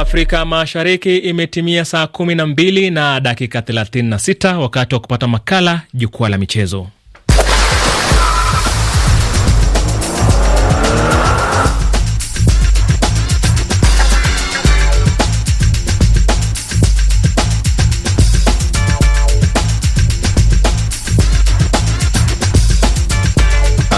Afrika Mashariki imetimia saa 12 na dakika 36, wakati wa kupata makala jukwaa la michezo.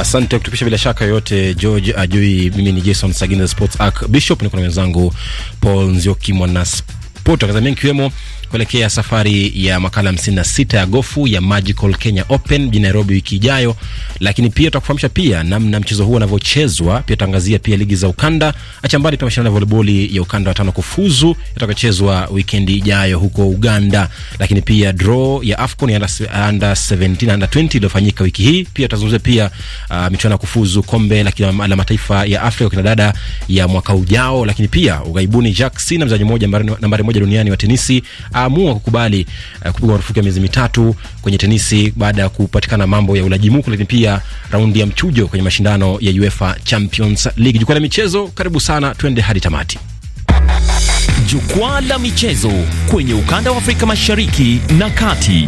Asante kutupisha bila shaka yote George Ajui. Mimi ni Jason Sagina, Sports Arc Bishop, niko na mwenzangu Paul Nzioki, mwana sport akazamia nkiwemo kuelekea safari ya makala 56 ya gofu ya Magical Kenya Open mjini Nairobi wiki ijayo, lakini pia tutakufahamisha pia namna mchezo huo unavyochezwa. Pia tutaangazia pia ligi za ukanda, acha mbali pia mashindano ya volleyball ya ukanda wa tano kufuzu yatakayochezwa wikendi ijayo huko Uganda, lakini pia draw ya AFCON ya under 17 under 20 iliyofanyika wiki hii. Pia tutazungumzia pia uh, michuano ya kufuzu kombe la mataifa ya Afrika kina dada ya mwaka ujao, lakini pia ugaibuni Jack Sina mchezaji mmoja nambari moja duniani wa tenisi ameamua kukubali uh, eh, kupigwa marufuku ya miezi mitatu kwenye tenisi baada ya kupatikana mambo ya ulaji lakini pia raundi ya mchujo kwenye mashindano ya UEFA Champions League. Jukwaa la michezo, karibu sana, twende hadi tamati. Jukwaa la michezo kwenye ukanda wa Afrika Mashariki na Kati.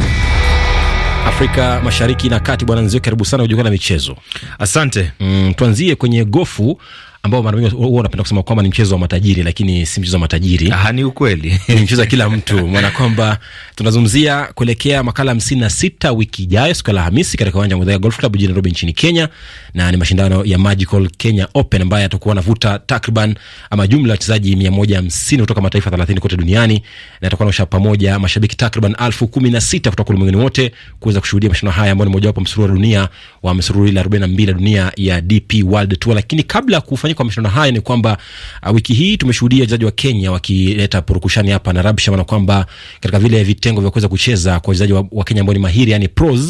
Afrika Mashariki na Kati, bwana Nzio, karibu sana jukwaa la michezo. Asante. Mm, tuanzie kwenye gofu ambao mara nyingi huwa unapenda kusema kwamba ni mchezo wa matajiri, lakini si mchezo wa matajiri. Ah, ni ukweli ni mchezo wa kila mtu, maana kwamba tunazungumzia kuelekea makala 56 wiki ijayo, siku ya Alhamisi katika uwanja wa Muthaiga Golf Club jijini Nairobi nchini Kenya, na ni mashindano ya Magical Kenya Open ambayo yatakuwa yanavuta takriban ama jumla wachezaji 150 kutoka mataifa 30 kote duniani, na yatakuwa na ushapa pamoja mashabiki takriban elfu kumi na sita kutoka ulimwenguni wote kuweza kushuhudia mashindano haya ambayo ni mojawapo msururu wa dunia wa msururu ile 42 dunia ya DP World Tour, lakini kabla ya kufanya kufanyika kwa mashindano haya ni kwamba uh, wiki hii tumeshuhudia wachezaji wa Kenya wakileta purukushani hapa na rabsha, maana kwamba katika vile vitengo vya kuweza kucheza kwa wachezaji wa, wa Kenya ambao ni mahiri, yani pros,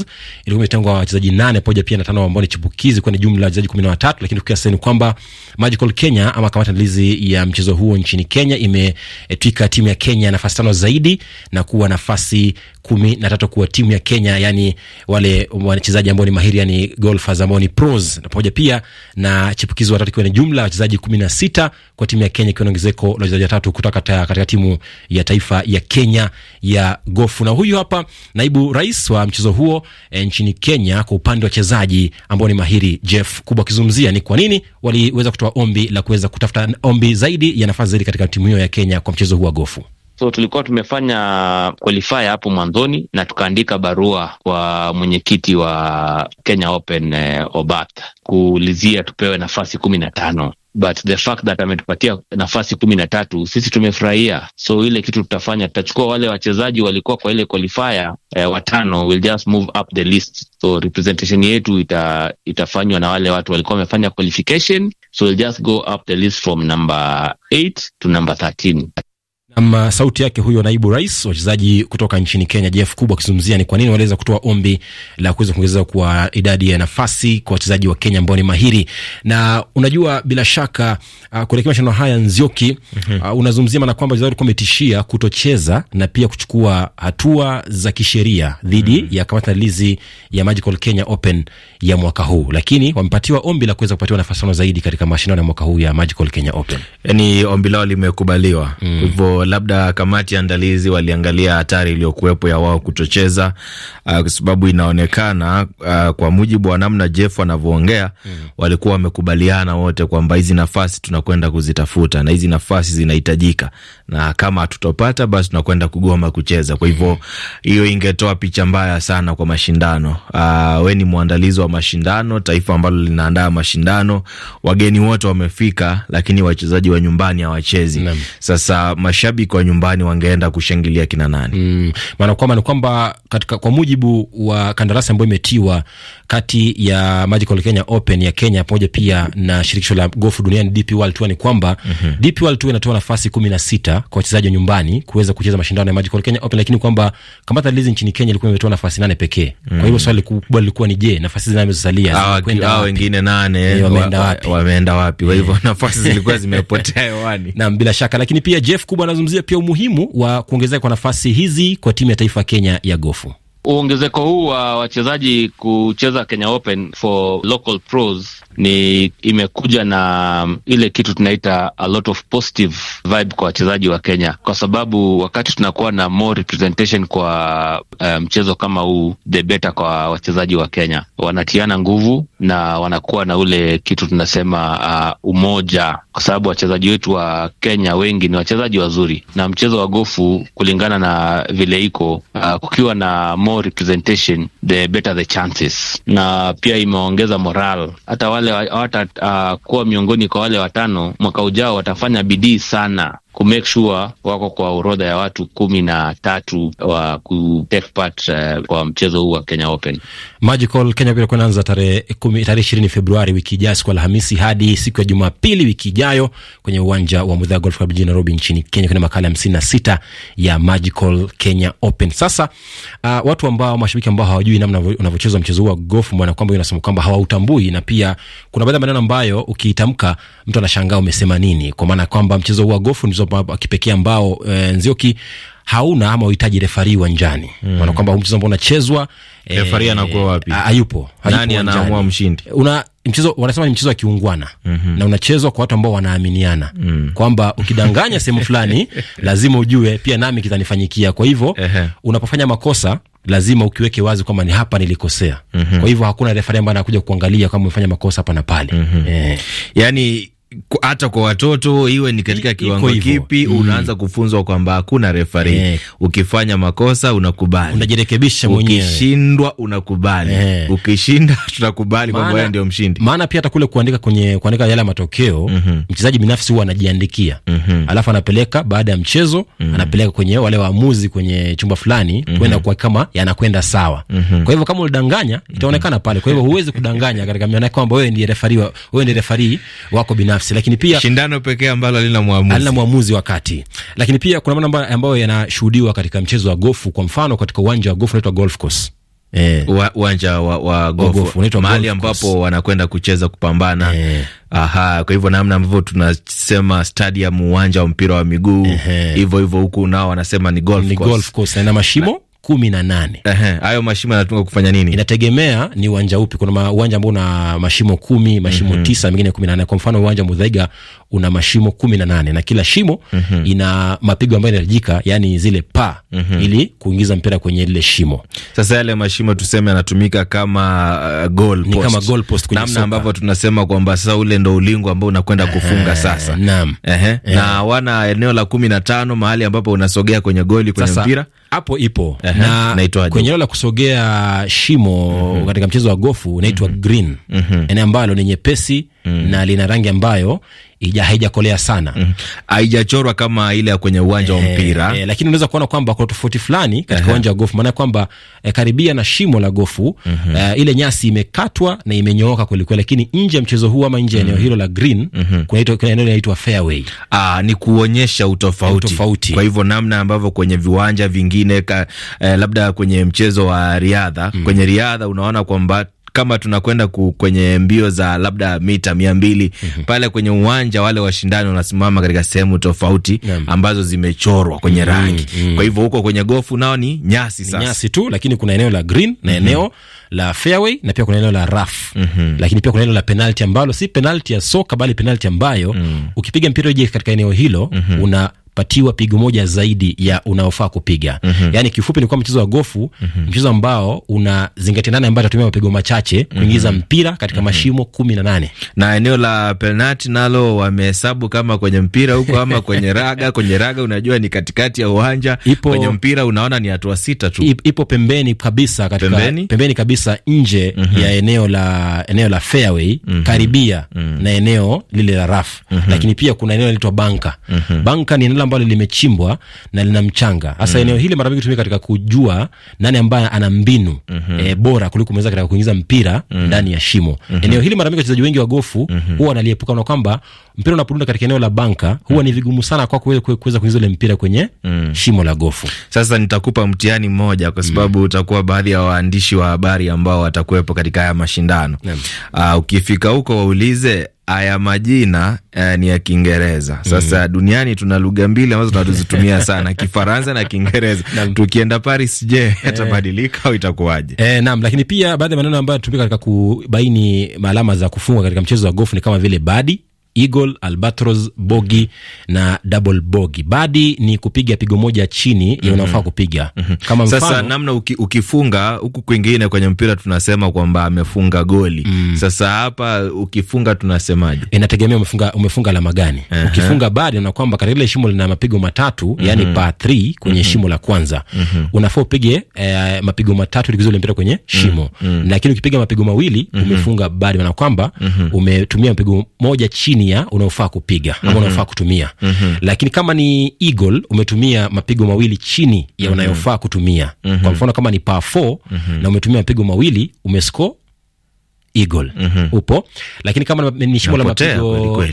ilikuwa imetengwa wachezaji nane pamoja pia na tano ambao ni chipukizi, kwani jumla ya wachezaji kumi na watatu. Lakini kufikia sasa ni kwamba Magical Kenya ama kamati andalizi ya mchezo huo nchini Kenya imetwika timu ya Kenya nafasi tano zaidi na kuwa nafasi kumi na tatu kuwa timu ya Kenya, yani wale wachezaji ambao ni mahiri, yani golfers ambao ni pros, na pamoja pia na chipukizi watatu ikiwa ni jumla jumla ya wachezaji kumi na sita kwa timu ya Kenya, ikiwa na ongezeko la wachezaji watatu kutoka katika timu ya taifa ya Kenya ya gofu. Na huyu hapa naibu rais wa mchezo huo e, nchini Kenya kwa upande wa wachezaji ambao ni mahiri, Jeff kubwa akizungumzia ni kwa nini waliweza kutoa ombi la kuweza kutafuta ombi zaidi ya nafasi zaidi katika timu hiyo ya Kenya kwa mchezo huu wa gofu. So tulikuwa tumefanya qualifier hapo mwanzoni na tukaandika barua kwa mwenyekiti wa Kenya Open eh, Obath kuulizia tupewe nafasi kumi na tano but the fact that ametupatia nafasi kumi na tatu sisi tumefurahia. So ile kitu tutafanya, tutachukua wale wachezaji walikuwa kwa ile qualifier eh, watano, we'll just move up the list, so representation yetu ita, itafanywa na wale watu walikuwa wamefanya qualification, so we'll just go up the list from number 8 to number 13. Nam uh, sauti yake huyo naibu rais wachezaji kutoka nchini Kenya Jeff Kubwa akizungumzia ni kwa nini waliweza kutoa ombi la kuweza kuongeza kwa idadi ya nafasi kwa wachezaji wa Kenya ambao ni mahiri. Na unajua bila shaka uh, kuelekea mashindano haya Nzioki, mm -hmm. uh, unazungumzia maana kwamba wachezaji wametishia kutocheza na pia kuchukua hatua za kisheria dhidi mm -hmm. ya kamati andalizi ya Magical Kenya Open ya mwaka huu, lakini wamepatiwa ombi la kuweza kupatiwa nafasi zaidi katika mashindano ya mwaka huu ya Magical Kenya Open. Yani eh, ombi lao limekubaliwa mm -hmm labda kamati ya andalizi waliangalia hatari iliyokuwepo ya wao kutocheza uh, kwa sababu inaonekana uh, kwa mujibu wa namna Jeff anavyoongea mm. walikuwa wamekubaliana wote kwamba hizi nafasi tunakwenda kuzitafuta na hizi nafasi zinahitajika, na kama hatutopata basi tunakwenda kugoma kucheza. Kwa hivyo hiyo mm. ingetoa picha mbaya sana kwa mashindano. Uh, we ni mwandalizi wa mashindano, taifa ambalo linaandaa mashindano, wageni wote wamefika, lakini wachezaji wa nyumbani hawachezi. Sasa masha mashabiki wa nyumbani wangeenda kushangilia kina nani? Mm, maana kwamba ni kwamba katika kwa mujibu wa kandarasi ambayo imetiwa kati ya Magical Kenya Open ya Kenya pamoja pia na shirikisho la gofu duniani DP World Tour ni kwamba mm -hmm. DP World Tour inatoa nafasi kumi na sita kwa wachezaji wa nyumbani kuweza kucheza mashindano ya Magical Kenya Open, lakini kwamba kamata lizi nchini Kenya ilikuwa imetoa nafasi nane pekee. Kwa hivyo mm -hmm. swali kubwa lilikuwa ni je, nafasi zinazosalia wengine nane yaani wameenda wapi? Wameenda wapi? Kwa hivyo eh. nafasi zilikuwa zimepotea hewani, na bila shaka, lakini pia Jeff kubwa nazo tunazungumzia pia umuhimu wa kuongezeka kwa nafasi hizi kwa timu ya taifa Kenya ya gofu. Uongezeko huu wa wachezaji kucheza Kenya Open for local pros ni imekuja na ile kitu tunaita a lot of positive vibe kwa wachezaji wa Kenya, kwa sababu wakati tunakuwa na more representation kwa eh, mchezo um, kama huu, the better kwa wachezaji wa Kenya. Wanatiana nguvu na wanakuwa na ule kitu tunasema uh, umoja, kwa sababu wachezaji wetu wa Kenya wengi ni wachezaji wazuri, na mchezo wa gofu kulingana na vile iko uh, kukiwa na more representation the better the chances, na pia imeongeza moral. Hata wale hawatakuwa ah, uh, miongoni kwa wale watano, mwaka ujao watafanya bidii sana ku make sure wako kwa orodha ya watu kumi na tatu wa ku take part uh, kwa mchezo huu wa Kenya Open. Magical Kenya pia kunaanza tarehe tarehe ishirini Februari wiki ijayo siku Alhamisi hadi siku ya Jumapili wiki ijayo kwenye uwanja wa Mudhaya Golf Club jijini Nairobi nchini Kenya. kwenye makala hamsini na sita ya Magical Kenya Open. Sasa uh, watu ambao mashabiki ambao hawajui namna unavyochezwa mchezo huu wa golf, bwana, kwamba unasema kwamba hawautambui na pia kuna baadhi ya maneno ambayo ukiitamka mtu anashangaa umesema nini, kwa maana kwamba mchezo huu wa golf ni mchezo wa kipekee ambao e, Nzioki hauna ama uhitaji refari uwanjani mm. Maana kwamba mchezo ambao unachezwa e, eh, refari anakuwa wapi? Hayupo, nani anaamua mshindi? Una mchezo wanasema ni mchezo wa kiungwana mm -hmm. na unachezwa kwa watu ambao wanaaminiana mm. kwamba ukidanganya sehemu fulani lazima ujue pia nami kitanifanyikia. Kwa hivyo unapofanya makosa lazima ukiweke wazi kwamba ni hapa nilikosea. mm -hmm. Kwa hivyo hakuna refari ambaye anakuja kuangalia kama umefanya makosa hapa na pale mm -hmm. eh. yani hata kwa watoto iwe ni katika kiwango kipi, mm. unaanza kufunzwa kwamba hakuna refari yeah. Ukifanya makosa unakubali, unajirekebisha mwenyewe. Ukishindwa unakubali yeah. Ukishinda tutakubali kwamba wewe ndio mshindi. Maana pia hata kule kuandika kwenye kuandika yale matokeo mm -hmm. mchezaji binafsi huwa anajiandikia mm -hmm. alafu anapeleka baada ya mchezo mm -hmm. anapeleka kwenye wale waamuzi kwenye chumba fulani mm -hmm. kwenda kwa kama yanakwenda sawa mm -hmm. kwa hivyo kama ulidanganya itaonekana mhm. pale. Kwa hivyo huwezi kudanganya katika maana kwamba wewe ndiye refari, wewe ndiye refari wako binafsi binafsi, lakini pia shindano pekee ambalo halina mwamuzi, halina mwamuzi wakati. Lakini pia kuna mambo ambayo yanashuhudiwa katika mchezo wa gofu, kwa mfano katika uwanja wa gofu unaitwa golf course Eh, uwanja wa, wa gofu mahali ambapo wanakwenda kucheza kupambana eh. Aha, kwa hivyo namna ambavyo tunasema stadium uwanja wa mpira wa miguu hivyo eh, hivyo huku nao wanasema ni golf course, ni golf course na mashimo na kumi na nane. Hayo mashimo yanatunga kufanya nini? Inategemea ni uwanja upi. Kuna uwanja ambao una mashimo kumi, mashimo mm -hmm. tisa, mengine kumi na nane. Kwa mfano uwanja Mudhaiga una mashimo kumi na nane na kila shimo mm -hmm. ina mapigo ambayo inahitajika, yani zile pa mm -hmm. ili kuingiza mpira kwenye lile shimo. Sasa yale mashimo tuseme yanatumika kama uh, goal post, kama goal post kwenye namna ambavyo tunasema kwamba sasa ule ndo ulingo ambao unakwenda eh, kufunga sasa. Naam, eh. na wana eneo la kumi na tano mahali ambapo unasogea kwenye goli kwenye sasa, mpira hapo ipo uh -huh. na kwenye eneo la kusogea shimo uh mhm. -huh. katika mchezo wa gofu unaitwa uh mhm. -huh. green uh mhm. -huh. eneo ambalo ni nyepesi mm -hmm. na lina rangi ambayo haijakolea sana, mhm. haijachorwa mm -hmm. kama ile kwenye uwanja wa eh, mpira e, e, lakini unaweza kuona kwamba kuna tofauti fulani katika uwanja wa gofu, maana kwamba e, karibia na shimo la gofu mm -hmm. e, ile nyasi imekatwa na imenyooka kwelikweli, lakini nje ya mchezo huu ama nje ya eneo mhm. hilo la green mm -hmm. kuna, kuna eneo linaitwa fairway. Aa, ah, ni kuonyesha utofauti, utofauti. Kwa hivyo namna ambavyo kwenye viwanja vingine ka, eh, labda kwenye mchezo wa riadha mm -hmm. kwenye riadha unaona kwamba kama tunakwenda kwenye mbio za labda mita mia mbili mm -hmm. pale kwenye uwanja wale washindani wanasimama katika sehemu tofauti yeah. ambazo zimechorwa kwenye mm -hmm. rangi mm -hmm. kwa hivyo huko kwenye gofu nao ni nyasi sasa, nyasi tu, lakini kuna eneo la green na mhm. eneo mm -hmm. la fairway na pia kuna eneo la rough mm -hmm. lakini pia kuna eneo la penalty ambalo si penalty ya soka bali penalty ambayo mm -hmm. ukipiga mpira uje katika eneo hilo mm -hmm. una patiwa pigo moja zaidi ya unaofaa kupiga. mm -hmm. Yani kifupi ni kuwa mchezo wa gofu mm -hmm. mchezo ambao unazingatia nane ambayo atatumia mapigo machache mm -hmm. kuingiza mpira katika mm -hmm. mashimo kumi na nane na eneo la penati nalo wamehesabu kama kwenye mpira huko ama kwenye raga. Kwenye raga unajua ni katikati ya uwanja ipo, kwenye mpira unaona ni hatua sita tu ipo pembeni kabisa katika, pembeni? pembeni kabisa nje mm -hmm. ya eneo la eneo la fairway mm -hmm. karibia mm -hmm. na eneo lile la rafu mm -hmm. lakini pia kuna eneo linaloitwa banka mm -hmm. banka ni eneo ambalo limechimbwa na lina mchanga hasa. mm. eneo hili mara mingi hutumika katika kujua nani ambaye ana mbinu mm -hmm. e, bora kuliko mwenzake katika kuingiza mpira mm. ndani mm ya shimo mm -hmm. eneo hili mara mingi wachezaji wengi wa gofu mm -hmm. huwa wanaliepuka na kwamba mpira unapodunda katika eneo la banka huwa mm. ni vigumu sana kwa kuweza kuingiza ule mpira kwenye mm. shimo la gofu. Sasa nitakupa mtihani mmoja kwa mm. sababu mm. utakuwa baadhi ya waandishi wa habari ambao watakuwepo katika haya mashindano. Mm. Uh, ukifika huko waulize haya majina eh, ni ya Kiingereza. Mhm. Sasa mm. duniani tuna lugha mbili ambazo tunazitumia sana, Kifaransa na Kiingereza. Tukienda Paris, je, eh. yatabadilika au itakuwaje? Eh, naam, lakini pia baadhi ya maneno ambayo yanatumika katika kubaini alama za kufunga katika mchezo wa gofu ni kama vile badi eagle, albatros, bogi na double bogi. Badi ni kupiga pigo moja chini mm -hmm. ya unafaa kupiga mm -hmm. kama mfano, sasa namna uki, ukifunga huku kwingine kwenye mpira tunasema kwamba amefunga goli mm. Sasa hapa ukifunga tunasemaje? Inategemea umefunga umefunga alama gani? uh -huh. Ukifunga badi na kwamba katika ile shimo lina mapigo matatu mm -hmm. yani pa 3 kwenye mm -hmm. shimo la kwanza mm -hmm. unafaa upige eh, mapigo matatu likizule mpira kwenye mm. shimo mm -hmm. lakini ukipiga mapigo mawili mm -hmm. umefunga badi na kwamba mm -hmm. umetumia mpigo moja chini mia unaofaa kupiga ama mhm. unaofaa kutumia. Mhm. Lakini kama ni eagle umetumia mapigo mawili chini ya mhm. unayofaa kutumia. Kwa mfano kama ni par 4 na umetumia mapigo mawili umescore Eagle mm -hmm. Upo, lakini kama ni shimo la mapigo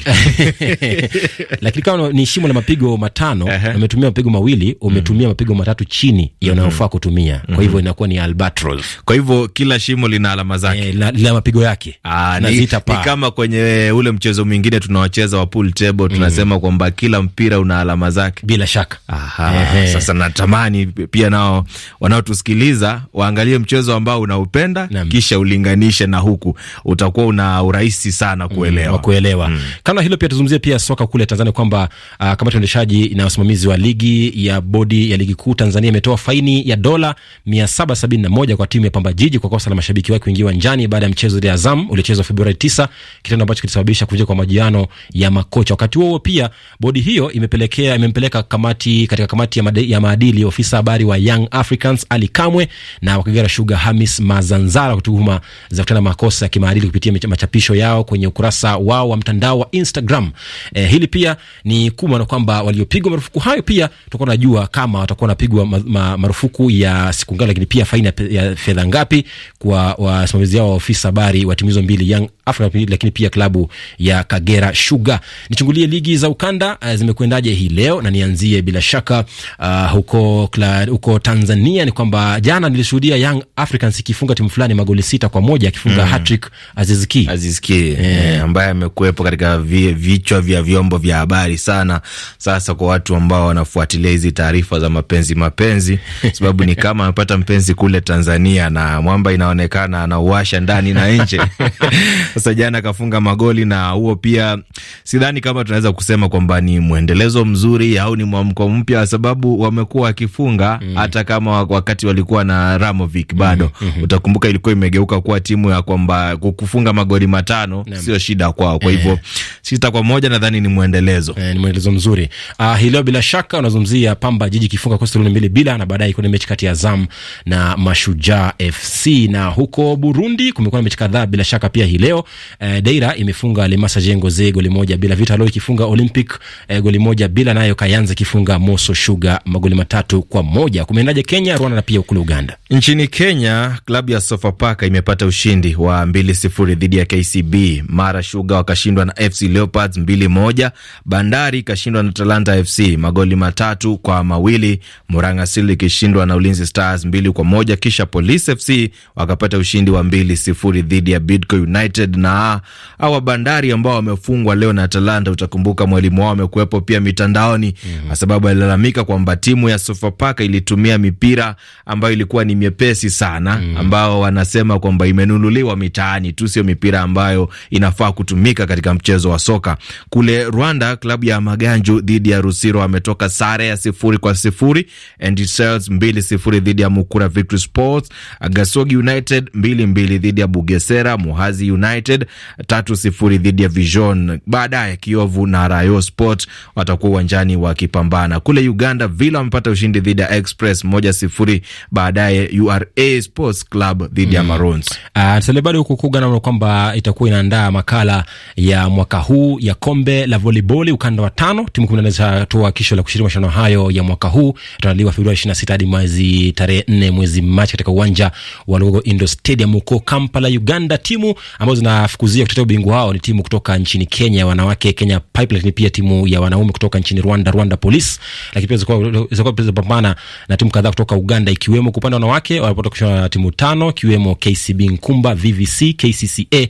lakini kama ni shimo la mapigo matano uh -huh. umetumia mapigo mawili, umetumia mm -hmm. mapigo matatu chini yanayofaa mhm. mm -hmm. kutumia mm -hmm. kwa mhm. hivyo inakuwa ni albatross. Kwa hivyo kila shimo lina alama eh, zake e, la, la mapigo yake Aa, ah, na ni, zita pa. Ni kama kwenye ule mchezo mwingine tunaocheza wa pool table tunasema mm -hmm. kwamba kila mpira una alama zake bila shaka. Aha, e, sasa natamani pia nao wanaotusikiliza waangalie mchezo ambao unaupenda kisha ulinganishe na huku siku utakuwa una urahisi sana mm, kuelewa, mm, kuelewa. Mm. Kama hilo pia tuzungumzie pia soka kule Tanzania kwamba uh, kamati ya uendeshaji na wasimamizi wa ligi ya bodi ya ligi kuu Tanzania imetoa faini ya dola 771 kwa timu ya Pamba Jiji kwa kosa la mashabiki wake kuingia uwanjani baada ya mchezo dhidi ya Azam uliochezwa Februari 9, kitendo ambacho kilisababisha kuvunjika kwa majiano ya makocha. Wakati huo pia bodi hiyo imepelekea imempeleka kamati katika kamati ya, made, ya maadili ofisa habari wa Young Africans Ali Kamwe na Wakagera Sugar Hamis Mazanzara kutuhuma za kutana makosa fursa ya kimaadili kupitia machapisho yao kwenye ukurasa wao wa mtandao wa Instagram. E, hili pia ni kubwa na kwamba waliopigwa marufuku hayo pia tutakuwa najua kama watakuwa wanapigwa ma, ma, marufuku ya siku ngapi, lakini pia faini ya fedha ngapi kwa wasimamizi wao wa ofisi habari wa timu hizo mbili Young Africa, lakini pia klabu ya Kagera Sugar. Nichungulie ligi za ukanda eh, zimekwendaje hii leo na nianzie bila shaka uh, huko, kla, huko Tanzania ni kwamba jana nilishuhudia Young Africans ikifunga timu fulani magoli sita kwa moja akifunga mm. Patrick Azizki Azizki yeah. yeah, ambaye amekuwepo katika vichwa vya vyombo vya habari sana sasa, kwa watu ambao wanafuatilia hizi taarifa za mapenzi mapenzi, sababu ni kama amepata mpenzi kule Tanzania na mwamba inaonekana anauasha ndani na nje sasa jana akafunga magoli, na huo pia sidhani kama tunaweza kusema kwamba ni mwendelezo mzuri au ni mwamko mpya, sababu wamekuwa wakifunga mm. hata mm. kama wakati walikuwa na Ramovic bado mm -hmm. utakumbuka ilikuwa imegeuka kuwa timu ya kwamba kwa kufunga magoli matano Nami. sio shida kwao. Kwa eh. hivyo sita kwa moja nadhani ni mwendelezo e, ni mwendelezo mzuri uh, hii leo bila shaka unazungumzia Pamba Jiji kifunga Coastal Union mbili bila, na baadaye kuna mechi kati ya Azam na Mashujaa FC. Na huko Burundi kumekuwa na mechi kadhaa bila shaka pia hii leo eh, Deira imefunga Lemasa Jengoze goli moja bila, Vita Loi ikifunga Olympic eh, goli moja bila, nayo Kayanza ikifunga Moso Sugar magoli matatu kwa moja. Kumeendaje Kenya, Rwanda na pia kule Uganda? Nchini Kenya klabu ya Sofapaka imepata ushindi wa mbili sifuri dhidi ya KCB. Mara Shuga wakashindwa na FC Leopards mbili moja. Bandari ikashindwa na Talanta FC magoli matatu kwa mawili. Muranga Seal ikishindwa na Ulinzi Stars mbili kwa moja, kisha Police FC wakapata ushindi wa mbili sifuri dhidi ya Bidco United. Na awa Bandari ambao wamefungwa leo na Talanta, utakumbuka mwalimu wao amekuwepo pia mitandaoni mhm. kwa mm -hmm. sababu alilalamika kwamba timu ya Sofapaka ilitumia mipira ambayo ilikuwa ni myepesi sana mm -hmm. ambao wanasema kwamba imenunuliwa mitaani tu, sio mipira ambayo inafaa kutumika katika mchezo wa soka. Kule Rwanda, klabu ya Maganju dhidi ya Rusiro ametoka sare ya sifuri kwa sifuri, Etincelles mbili sifuri dhidi ya Mukura Victory Sports, Gasogi United mbili mbili dhidi ya Bugesera, Muhazi United tatu sifuri dhidi ya Vision. Baadaye Kiovu na Rayo Sport watakuwa uwanjani wakipambana. Kule Uganda, Villa wamepata ushindi dhidi ya Express moja sifuri, baadaye URA Sports Club dhidi ya mm. Maroons. Mm. Uh, Kukuga naona kwamba itakuwa inaandaa makala ya mwaka huu ya kombe la voliboli ukanda wa tano. Timu kumi na nne zitatoa kisho la kushiriki mashindano hayo ya mwaka huu, itaandaliwa Februari 26 hadi mwezi tarehe 4 mwezi Machi katika uwanja wa Lugogo Indoor Stadium huko Kampala, Uganda. Timu ambazo zinafukuzia kutetea ubingwa wao ni timu kutoka nchini Kenya wanawake, Kenya Pipe, lakini pia timu ya wanaume kutoka nchini Rwanda, Rwanda Police, lakini pia zitakuwa zinapambana na timu kadhaa kutoka Uganda, ikiwemo kwa upande wa wanawake wanapata kushindana na timu tano ikiwemo KCB Nkumba, VV KBC, KCCA,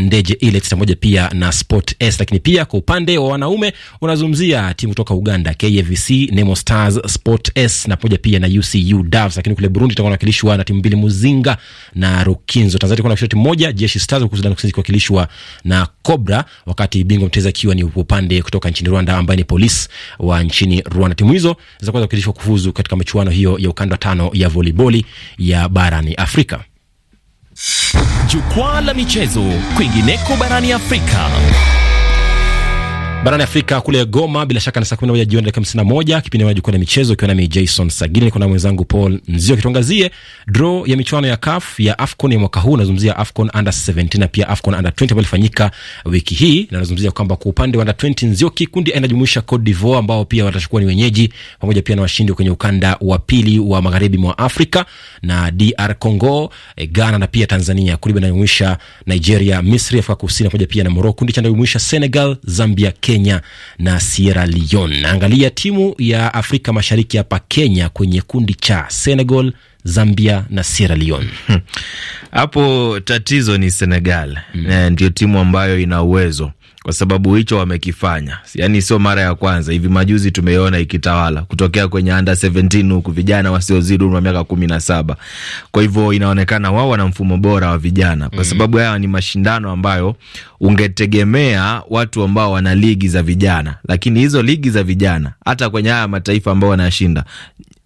Ndeje ile pamoja pia na Sport S. Lakini pia kwa upande wa wanaume unazungumzia timu kutoka Uganda, KVC, Nemo Stars, Sport S na pamoja pia na UCU Davs. Lakini kule Burundi itakuwa inawakilishwa na timu mbili, Muzinga na Rukinzo. Tanzania itakuwa inawakilishwa timu moja, Jeshi Stars, huku Sudan Kusini kuwakilishwa na Cobra, wakati bingwa mteza akiwa ni upande kutoka nchini Rwanda ambaye ni Polisi wa nchini Rwanda. Timu hizo zitakuwa zinawakilishwa kufuzu katika michuano hiyo ya ukanda tano ya voliboli ya barani Afrika. Jukwaa la michezo kwingineko barani Afrika. Barani Afrika kule Goma, bila shaka ni saa 11 jioni dakika 51, kipindi cha jukwaa la michezo, ikiwa nami Jason Sagini, niko na mwenzangu Paul Nzio, kitangazia draw ya michuano ya CAF ya AFCON ya mwaka huu. Nazungumzia AFCON under 17 na pia AFCON under 20 ambayo ilifanyika wiki hii, na nazungumzia kwamba kwa upande wa under 20 Nzio, kikundi inajumuisha Cote d'Ivoire ambao pia watachukua ni wenyeji pamoja pia na washindi kwenye ukanda wa pili wa magharibi mwa Afrika na DR Congo, eh, Ghana na pia Tanzania. Kundi inajumuisha Nigeria, Misri, Afrika Kusini pamoja pia na Morocco. Kundi cha inajumuisha Senegal, Zambia, Kenya Kenya na Sierra Leone. Angalia timu ya Afrika Mashariki hapa Kenya kwenye kundi cha Senegal, Zambia na Sierra Leone. Hmm. Hapo tatizo ni Senegal, mm. ndio timu ambayo ina uwezo kwa sababu hicho wamekifanya, yani sio mara ya kwanza. Hivi majuzi tumeona ikitawala kutokea kwenye under 17 huku vijana wasiozidi umri wa miaka kumi na saba. Kwa hivyo inaonekana wao wana mfumo bora wa vijana, kwa mhm. sababu haya ni mashindano ambayo ungetegemea watu ambao wana ligi za vijana, lakini hizo ligi za vijana hata kwenye haya mataifa ambao wanashinda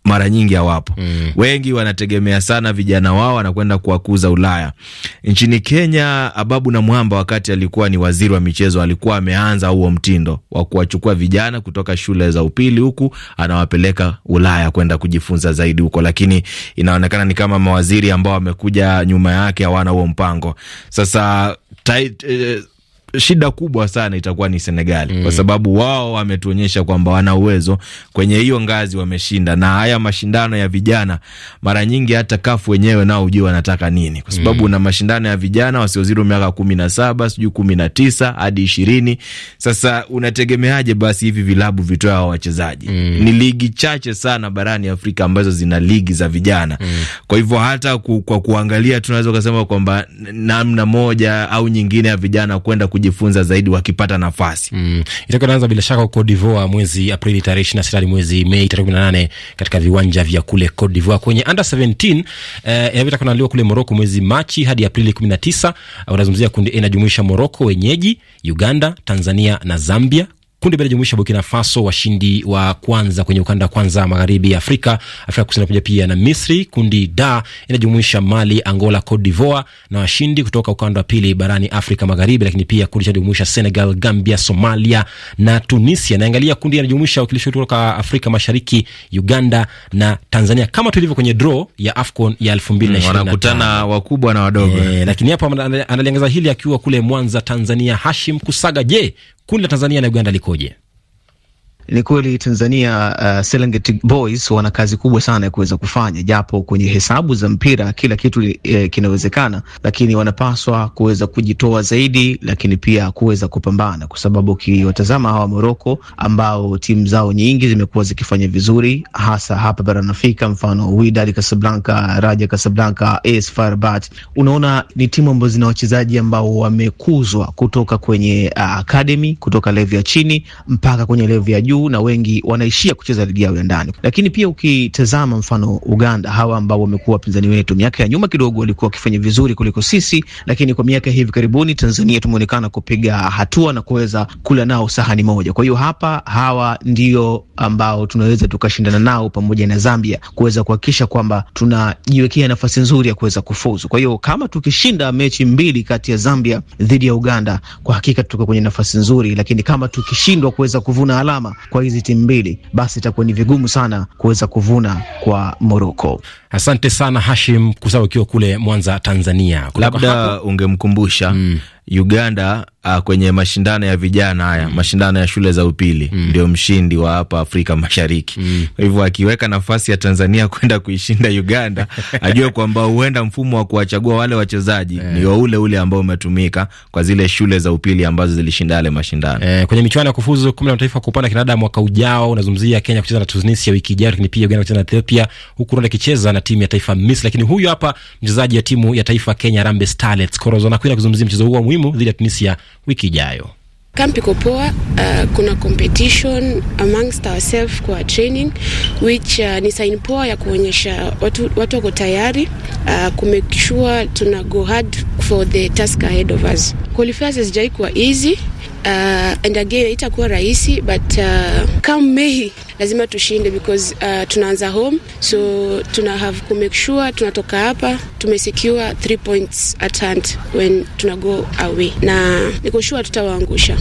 mara nyingi hawapo. Mm. Wengi wanategemea sana vijana wao wanakwenda kuwakuza Ulaya. Nchini Kenya, Ababu na Mwamba wakati alikuwa ni waziri wa michezo alikuwa ameanza huo mtindo wa kuwachukua vijana kutoka shule za upili huku anawapeleka Ulaya kwenda kujifunza zaidi huko, lakini inaonekana ni kama mawaziri ambao wamekuja nyuma yake hawana huo mpango. Sasa tait, eh, shida kubwa sana itakuwa ni Senegali mm. kwa sababu wao wametuonyesha kwamba wana uwezo kwenye hiyo ngazi, wameshinda na haya mashindano ya vijana. Mara nyingi hata kafu wenyewe nao ujue wanataka nini, kwa sababu una mm. mashindano ya vijana wasiozidi miaka kumi na saba sijui kumi na tisa hadi ishirini. Sasa unategemeaje basi hivi vilabu vitoe hao wachezaji mm. ni ligi chache sana barani Afrika ambazo zina ligi za vijana mm. kwa hivyo hata ku, kwa kuangalia tunaweza ukasema kwamba namna moja au nyingine ya vijana kwenda kuj kujifunza zaidi wakipata nafasi. Mm. Itakuwa inaanza bila shaka huko Cote d'Ivoire mwezi Aprili tarehe ishirini na sita hadi mwezi Mei tarehe kumi na nane katika viwanja vya kule Cote d'Ivoire kwenye under 17 eh, inavyotakuwa kule Moroko mwezi Machi hadi Aprili kumi na tisa. Uh, unazungumzia kundi inajumuisha Moroko wenyeji, Uganda, Tanzania na Zambia. Kundi B linajumuisha Burkina Faso, washindi wa kwanza kwenye ukanda wa kwanza magharibi ya Afrika. Afrika Kusini pamoja pia na Misri. Kundi D inajumuisha Mali, Angola, Cote d'Ivoire na washindi kutoka ukanda wa pili barani Afrika Magharibi. Lakini pia kundi cha jumuisha Senegal, Gambia, Somalia na Tunisia. Naangalia kundi linajumuisha wakilishi kutoka Afrika Mashariki, Uganda na Tanzania, kama tulivyo kwenye draw ya AFCON ya 2020 mm, wanakutana wakubwa na wadogo. e, Lakini hapa analiangaza hili akiwa kule Mwanza, Tanzania, Hashim Kusaga. Je, Kundi la Tanzania na Uganda likoje? Ni kweli Tanzania, uh, Serengeti Boys wana kazi kubwa sana ya kuweza kufanya, japo kwenye hesabu za mpira kila kitu eh, kinawezekana, lakini wanapaswa kuweza kujitoa zaidi, lakini pia kuweza kupambana, kwa sababu ukiwatazama hawa Moroko ambao timu zao nyingi zimekuwa zikifanya vizuri, hasa hapa barani Afrika, mfano Wydad Casablanca, Raja Casablanca, AS FAR Rabat, unaona ni timu ambazo zina wachezaji ambao wamekuzwa kutoka kwenye uh, academy, kutoka levu ya chini mpaka kwenye levu ya juu juu na wengi wanaishia kucheza ligi yao ya ndani. Lakini pia ukitazama mfano Uganda, hawa ambao wamekuwa wapinzani wetu miaka ya nyuma kidogo walikuwa wakifanya vizuri kuliko sisi, lakini kwa miaka hivi karibuni Tanzania tumeonekana kupiga hatua na kuweza kula nao sahani moja. Kwa hiyo hapa hawa ndio ambao tunaweza tukashindana nao pamoja na Zambia kuweza kuhakikisha kwamba tunajiwekea nafasi nzuri ya kuweza kufuzu. Kwa hiyo kama tukishinda mechi mbili kati ya Zambia dhidi ya Uganda, kwa hakika tuko kwenye nafasi nzuri, lakini kama tukishindwa kuweza kuvuna alama, kwa hizi timu mbili, basi itakuwa ni vigumu sana kuweza kuvuna kwa Moroko. Asante sana Hashim Kusawa, ukiwa kule Mwanza, Tanzania. Labda ungemkumbusha mm. Uganda a, ah, kwenye mashindano ya vijana haya mm. mashindano ya shule za upili mm. ndio mshindi wa hapa Afrika Mashariki mm. kwa hivyo akiweka nafasi ya Tanzania kwenda kuishinda Uganda ajue kwamba huenda mfumo wa kuwachagua wale wachezaji yeah. ndio ule ule ambao umetumika kwa zile shule za upili ambazo zilishinda yale mashindano eh, kwenye michuano ya kufuzu kombe la mataifa kupanda kinadamu mwaka ujao. Unazungumzia Kenya kucheza na Tunisia wiki ijayo, lakini pia Uganda kucheza na Ethiopia, huku Rwanda ikicheza na timu ya taifa Misri. Lakini huyu hapa mchezaji wa timu ya taifa Kenya, Harambee Starlets, Corozo anakwenda kuzungumzia mchezo huo muhimu dhidi ya Tunisia wiki ijayo. Kampi iko poa. Uh, kuna competition amongst ourselves kwa training which uh, ni sign poa ya kuonyesha watu watu wako tayari uh, kumekishua tuna go hard for the task ahead of us. Qualifiers hazijaikuwa easy uh, and again itakuwa rahisi but uh, come May lazima tushinde because uh, tunaanza home so tuna have to make sure tunatoka hapa tumesecure three points at hand when tunago away, na niko sure tutawaangusha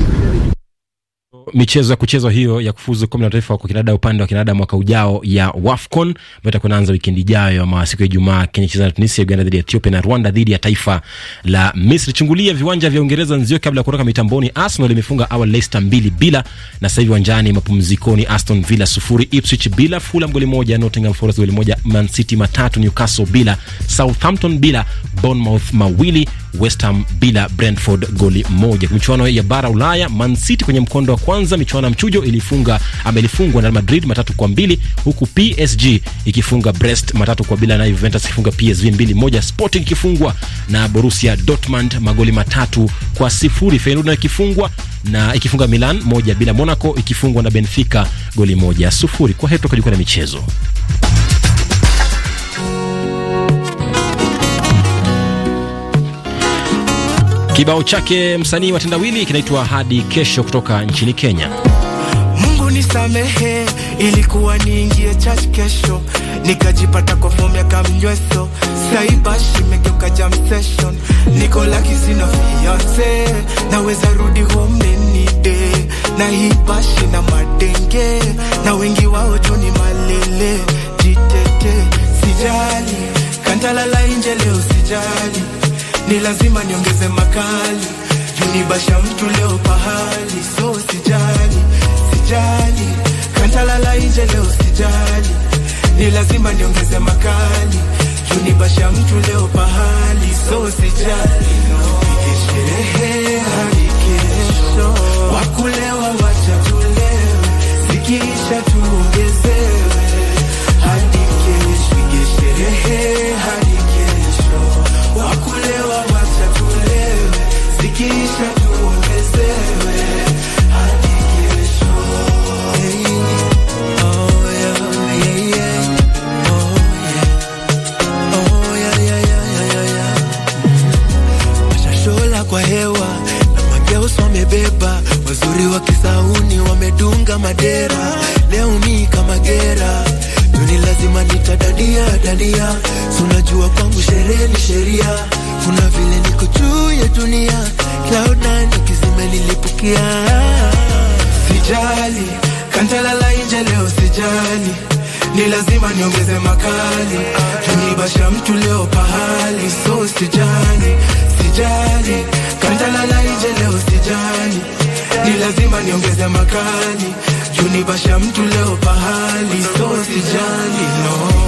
michezo ya kuchezwa hiyo ya kufuzu kombe la taifa kwa kinada upande wa kinada mwaka ujao ya WAFCON ambayo itakuwa inaanza wikendi ijayo ama siku ya Ijumaa. Kenya cheza na Tunisia, Uganda dhidi ya Ethiopia na Rwanda dhidi ya taifa la Misri. Chungulia viwanja vya Uingereza nzio kabla ya kuondoka mitamboni. Arsenal imefunga awali Leicester mbili bila, na sasa hivi uwanjani mapumzikoni Aston Villa sufuri, Ipswich bila, Fulham goli moja, Nottingham Forest goli moja, Man City matatu, Newcastle bila, Southampton bila, Bournemouth mawili, West Ham bila, Brentford goli moja. Michuano ya bara Ulaya, Man City kwenye mkondo wa kwanza michuano ya mchujo ilifunga ama ilifungwa na Madrid matatu kwa mbili huku PSG ikifunga Brest matatu kwa bila na Juventus ikifunga PSV mbili moja, Sporting ikifungwa na Borussia Dortmund magoli matatu kwa sifuri, Feyenoord ikifungwa na ikifunga Milan moja bila, Monaco ikifungwa na Benfica goli moja sufuri. Kwa hiyo tukajikuta na michezo Kibao chake msanii wa Tendawili kinaitwa Hadi Kesho kutoka nchini Kenya. Mungu nisamehe, ilikuwa niingie church kesho, nikajipata kwa fomu ya kamnyweso saibashi imegeuka jam session, niko laki sina fiance, naweza rudi home nenide na hibashi na madenge na wengi wao tu ni malele, jitete sijali, kantalala inje leo sijali ni lazima niongeze makali, junibasha mtu leo pahali, so sijali, sijali, kantalala nje leo sijali, ni lazima niongeze makali, junibasha mtu leo pahali, so sijali, no. Sherehe hadi kesho wakuleo kama dera, leo mi kama gera, duni lazima nitadadia dadia, sunajua kwangu sherehe ni sheria, kuna vile niko juu ya dunia, cloud nine ukizima nilipukia, sijali kantalala inje leo, sijali ni lazima niongeze makali, tunibasha mtu leo pahali, so sijali, sijali kantalala inje leo, sijali ni lazima niongeze makali junibasha mtu leo pahali so sijali no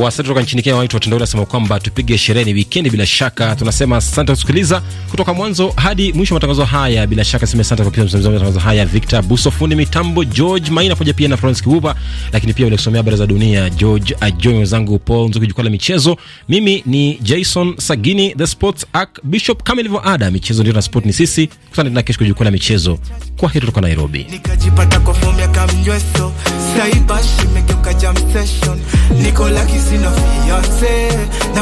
Wasanii kutoka nchini Kenya wanaitwa Tendo nasema kwamba tupige sherehe, ni wikendi bila shaka. Tunasema asante kusikiliza kutoka mwanzo hadi mwisho matangazo haya. Bila shaka sema asante kwa msimamizi wa matangazo haya Victor Buso, fundi mitambo George Maina pamoja pia na Florence Kibuba, lakini pia ulikusomea habari za dunia George Ajoi, wenzangu Paul Nzuki, jukwaa la michezo. Mimi ni Jason Sagini, the sports arc bishop, kama ilivyo ada, michezo ndio na sport ni sisi. Kutana tena kesho kwa jukwaa la michezo. Kwa heri kutoka Nairobi. Saiba, shimegeuka jam session, niko laki sina fiance